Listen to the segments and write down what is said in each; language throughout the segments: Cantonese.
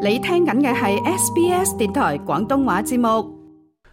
你聽緊嘅係 SBS 電台廣東話節目，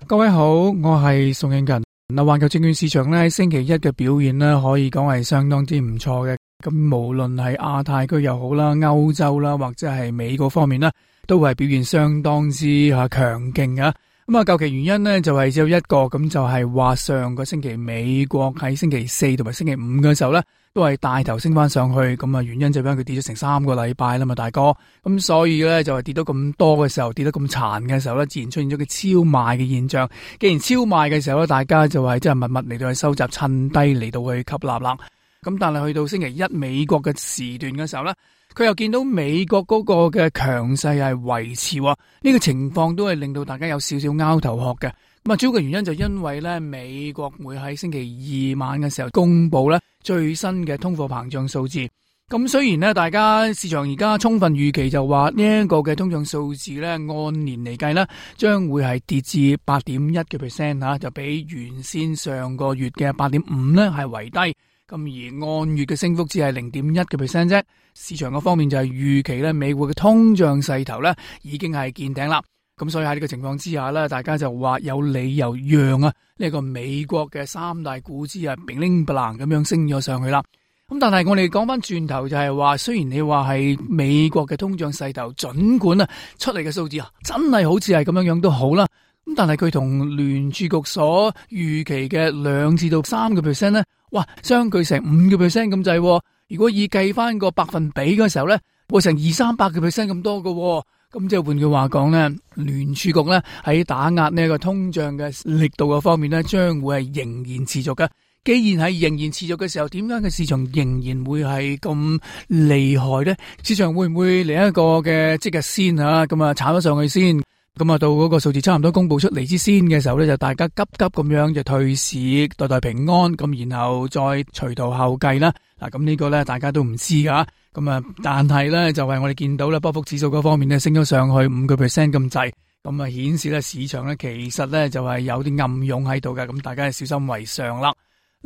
各位好，我係宋慶勤。嗱，環球證券市場咧星期一嘅表現咧，可以講係相當之唔錯嘅。咁無論係亞太區又好啦，歐洲啦，或者係美國方面啦，都係表現相當之吓強勁嘅。咁啊、嗯，究其原因呢，就係、是、只有一個，咁、嗯、就係、是、話上個星期美國喺星期四同埋星期五嘅時候呢，都係帶頭升返上去。咁、嗯、啊，原因就因佢跌咗成三個禮拜啦嘛，大哥。咁、嗯、所以呢，就係、是、跌到咁多嘅時候，跌得咁殘嘅時候呢，自然出現咗個超賣嘅現象。既然超賣嘅時候呢，大家就係即係密密嚟到去收集趁低嚟到去吸納啦。咁、嗯、但係去到星期一美國嘅時段嘅時候呢。佢又見到美國嗰個嘅強勢係維持喎，呢個情況都係令到大家有少少拗頭殼嘅。咁啊，主要嘅原因就係因為咧，美國會喺星期二晚嘅時候公佈咧最新嘅通貨膨脹數字。咁雖然咧，大家市場而家充分預期就話呢一個嘅通脹數字咧，按年嚟計咧，將會係跌至八點一嘅 percent 嚇，就比原先上個月嘅八點五咧係為低。咁而按月嘅升幅只係零點一嘅 percent 啫，市場嘅方面就係預期咧，美國嘅通脹勢頭咧已經係見頂啦。咁 所以喺呢個情況之下咧，大家就話有理由讓啊呢個美國嘅三大股指啊，零零不蘭咁樣升咗上去啦。咁但係我哋講翻轉頭就係話，雖然你話係美國嘅通脹勢頭，盡管啊出嚟嘅數字啊，真係好似係咁樣樣都好啦。咁但係佢同聯儲局所預期嘅兩至到三個 percent 咧，哇，相距成五個 percent 咁滯。如果以計翻個百分比嘅時候咧，會成二三百個 percent 咁多嘅。咁即係換句話講咧，聯儲局咧喺打壓呢一個通脹嘅力度嘅方面咧，將會係仍然持續嘅。既然係仍然持續嘅時候，點解嘅市場仍然會係咁厲害咧？市場會唔會嚟一個嘅即日先吓咁啊，炒咗上去先？咁啊，到嗰個數字差唔多公布出嚟之先嘅時候咧，就大家急急咁樣就退市，代代平安，咁然後再隨道後繼啦。嗱、啊，咁、這個、呢個咧，大家都唔知噶。咁啊，但係咧就係、是、我哋見到咧，波幅指數嗰方面咧升咗上去五個 percent 咁滯，咁啊顯示咧市場咧其實咧就係、是、有啲暗湧喺度嘅，咁、啊、大家小心為上啦。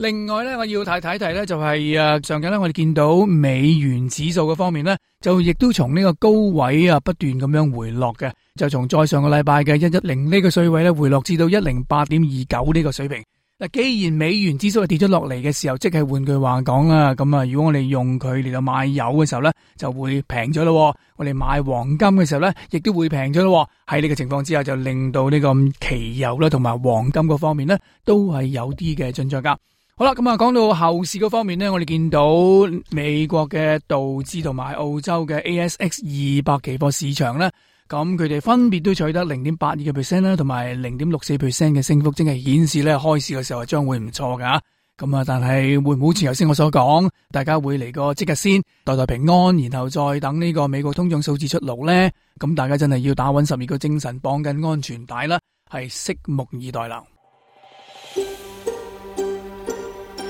另外咧，我要太太提提提咧，就係誒，上緊咧，我哋見到美元指數嘅方面咧，就亦都從呢個高位啊，不斷咁樣回落嘅。就從再上個禮拜嘅一一零呢個水位咧，回落至到一零八點二九呢個水平。嗱，既然美元指數係跌咗落嚟嘅時候，即係換句話講啦，咁啊，如果我哋用佢嚟到買油嘅時候咧，就會平咗咯。我哋買黃金嘅時候咧，亦都會平咗咯。喺呢個情況之下，就令到呢個期油啦，同埋黃金嗰方面咧，都係有啲嘅進賬價。好啦，咁啊，講到後市嗰方面呢，我哋見到美國嘅道指同埋澳洲嘅 A S X 二百期貨市場呢，咁佢哋分別都取得零點八二嘅 percent 啦，同埋零點六四 percent 嘅升幅，真係顯示咧開市嘅時候係將會唔錯噶。咁啊，但係會唔會好似頭先我所講，大家會嚟個即日先，袋袋平安，然後再等呢個美國通脹數字出爐呢？咁大家真係要打醒十二個精神，綁緊安全帶啦，係拭目以待啦。